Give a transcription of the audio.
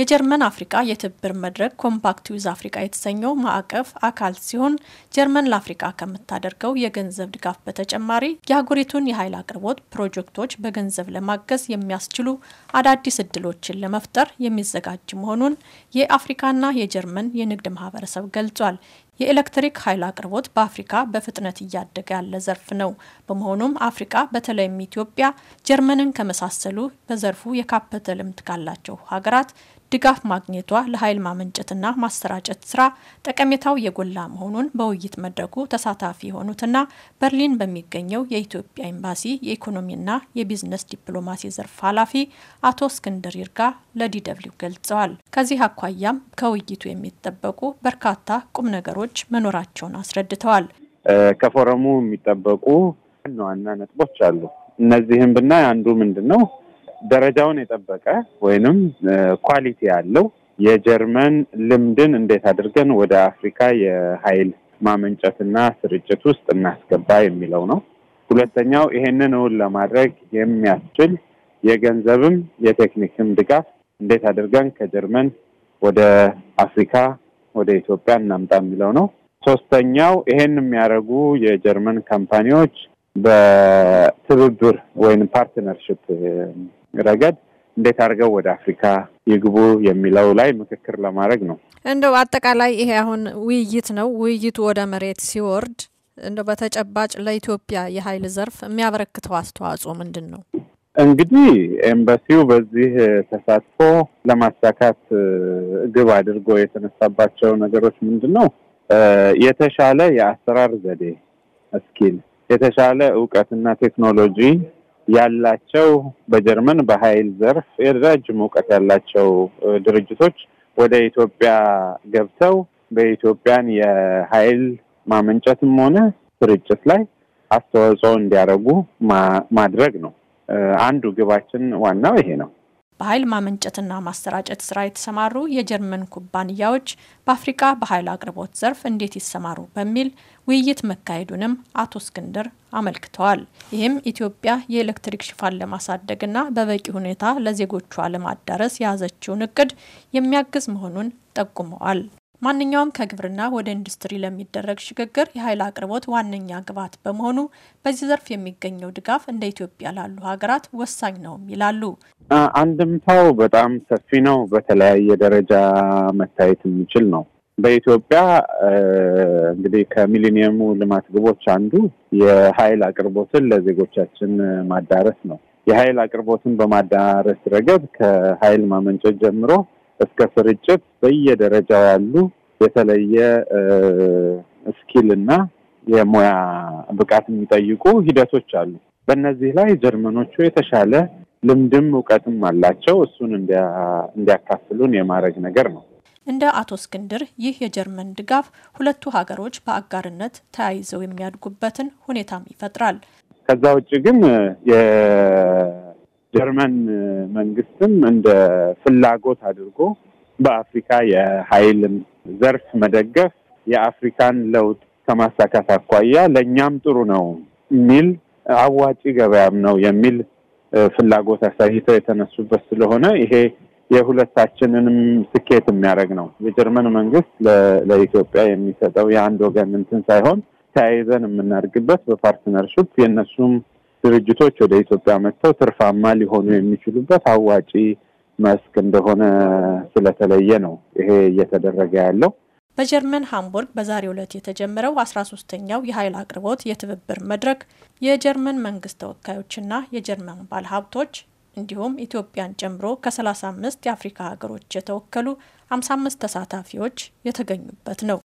የጀርመን አፍሪቃ የትብብር መድረክ ኮምፓክት ዊዝ አፍሪቃ የተሰኘው ማዕቀፍ አካል ሲሆን ጀርመን ለአፍሪቃ ከምታደርገው የገንዘብ ድጋፍ በተጨማሪ የአህጉሪቱን የኃይል አቅርቦት ፕሮጀክቶች በገንዘብ ለማገዝ የሚያስችሉ አዳዲስ እድሎችን ለመፍጠር የሚዘጋጅ መሆኑን የአፍሪካና የጀርመን የንግድ ማህበረሰብ ገልጿል። የኤሌክትሪክ ኃይል አቅርቦት በአፍሪካ በፍጥነት እያደገ ያለ ዘርፍ ነው። በመሆኑም አፍሪካ በተለይም ኢትዮጵያ ጀርመንን ከመሳሰሉ በዘርፉ የካበተ ልምድ ካላቸው ሀገራት ድጋፍ ማግኘቷ ለኃይል ማመንጨትና ማሰራጨት ስራ ጠቀሜታው የጎላ መሆኑን በውይይት መድረኩ ተሳታፊ የሆኑትና በርሊን በሚገኘው የኢትዮጵያ ኤምባሲ የኢኮኖሚና የቢዝነስ ዲፕሎማሲ ዘርፍ ኃላፊ አቶ እስክንድር ይርጋ ለዲደብሊው ገልጸዋል። ከዚህ አኳያም ከውይይቱ የሚጠበቁ በርካታ ቁም ነገሮች ነጥቦች መኖራቸውን አስረድተዋል። ከፎረሙ የሚጠበቁ ዋና ነጥቦች አሉ። እነዚህም ብናይ አንዱ ምንድን ነው ደረጃውን የጠበቀ ወይንም ኳሊቲ ያለው የጀርመን ልምድን እንዴት አድርገን ወደ አፍሪካ የኃይል ማመንጨትና ስርጭት ውስጥ እናስገባ የሚለው ነው። ሁለተኛው ይሄንን እውን ለማድረግ የሚያስችል የገንዘብም የቴክኒክም ድጋፍ እንዴት አድርገን ከጀርመን ወደ አፍሪካ ወደ ኢትዮጵያ እናምጣ የሚለው ነው። ሶስተኛው ይሄን የሚያደርጉ የጀርመን ካምፓኒዎች በትብብር ወይም ፓርትነርሽፕ ረገድ እንዴት አድርገው ወደ አፍሪካ ይግቡ የሚለው ላይ ምክክር ለማድረግ ነው። እንደው አጠቃላይ ይሄ አሁን ውይይት ነው። ውይይቱ ወደ መሬት ሲወርድ እንደው በተጨባጭ ለኢትዮጵያ የኃይል ዘርፍ የሚያበረክተው አስተዋጽኦ ምንድን ነው? እንግዲህ ኤምባሲው በዚህ ተሳትፎ ለማሳካት ግብ አድርጎ የተነሳባቸው ነገሮች ምንድን ነው? የተሻለ የአሰራር ዘዴ እስኪል የተሻለ እውቀትና ቴክኖሎጂ ያላቸው በጀርመን በኃይል ዘርፍ የረጅም እውቀት ያላቸው ድርጅቶች ወደ ኢትዮጵያ ገብተው በኢትዮጵያን የኃይል ማመንጨትም ሆነ ስርጭት ላይ አስተዋጽኦ እንዲያደርጉ ማድረግ ነው። አንዱ ግባችን ዋናው ይሄ ነው። በኃይል ማመንጨትና ማሰራጨት ስራ የተሰማሩ የጀርመን ኩባንያዎች በአፍሪቃ በኃይል አቅርቦት ዘርፍ እንዴት ይሰማሩ በሚል ውይይት መካሄዱንም አቶ እስክንድር አመልክተዋል። ይህም ኢትዮጵያ የኤሌክትሪክ ሽፋን ለማሳደግና በበቂ ሁኔታ ለዜጎቿ ለማዳረስ የያዘችውን እቅድ የሚያግዝ መሆኑን ጠቁመዋል። ማንኛውም ከግብርና ወደ ኢንዱስትሪ ለሚደረግ ሽግግር የኃይል አቅርቦት ዋነኛ ግብዓት በመሆኑ በዚህ ዘርፍ የሚገኘው ድጋፍ እንደ ኢትዮጵያ ላሉ ሀገራት ወሳኝ ነውም ይላሉ። አንድምታው በጣም ሰፊ ነው። በተለያየ ደረጃ መታየት የሚችል ነው። በኢትዮጵያ እንግዲህ ከሚሊኒየሙ ልማት ግቦች አንዱ የኃይል አቅርቦትን ለዜጎቻችን ማዳረስ ነው። የኃይል አቅርቦትን በማዳረስ ረገድ ከኃይል ማመንጨት ጀምሮ እስከ ስርጭት በየደረጃው ያሉ የተለየ ስኪል እና የሙያ ብቃት የሚጠይቁ ሂደቶች አሉ። በእነዚህ ላይ ጀርመኖቹ የተሻለ ልምድም እውቀትም አላቸው። እሱን እንዲያካፍሉን የማድረግ ነገር ነው። እንደ አቶ እስክንድር ይህ የጀርመን ድጋፍ ሁለቱ ሀገሮች በአጋርነት ተያይዘው የሚያድጉበትን ሁኔታም ይፈጥራል። ከዛ ውጭ ግን ጀርመን መንግስትም እንደ ፍላጎት አድርጎ በአፍሪካ የኃይል ዘርፍ መደገፍ የአፍሪካን ለውጥ ከማሳካት አኳያ ለእኛም ጥሩ ነው የሚል አዋጪ ገበያም ነው የሚል ፍላጎት አሳይተው የተነሱበት ስለሆነ ይሄ የሁለታችንንም ስኬት የሚያደርግ ነው። የጀርመን መንግስት ለኢትዮጵያ የሚሰጠው የአንድ ወገን እንትን ሳይሆን ተያይዘን የምናደርግበት በፓርትነርሽፕ የእነሱም ድርጅቶች ወደ ኢትዮጵያ መጥተው ትርፋማ ሊሆኑ የሚችሉበት አዋጪ መስክ እንደሆነ ስለተለየ ነው ይሄ እየተደረገ ያለው። በጀርመን ሃምቡርግ በዛሬው ዕለት የተጀመረው አስራ ሶስተኛው የኃይል አቅርቦት የትብብር መድረክ የጀርመን መንግስት ተወካዮችና የጀርመን ባለሀብቶች እንዲሁም ኢትዮጵያን ጨምሮ ከ35 የአፍሪካ ሀገሮች የተወከሉ 55 ተሳታፊዎች የተገኙበት ነው።